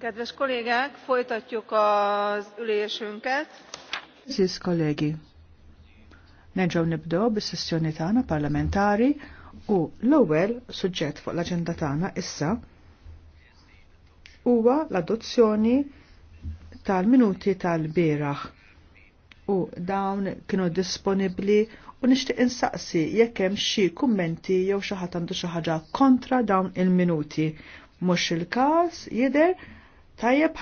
Kedves kollégák, folytatjuk az ülésünket. Ziz kollégi, nerġaw nibdo bis-sessjoni tagħna parlamentari u l-ewwel suġġett fuq l-aġenda tagħna issa huwa l-adozzjoni tal-minuti tal-bieraħ u dawn kienu disponibbli u nixtieq insaqsi jekk hemm xi kummenti jew xi ħadd għandu xi ħaġa kontra dawn il-minuti. Mhux il-każ jidher Tajjeb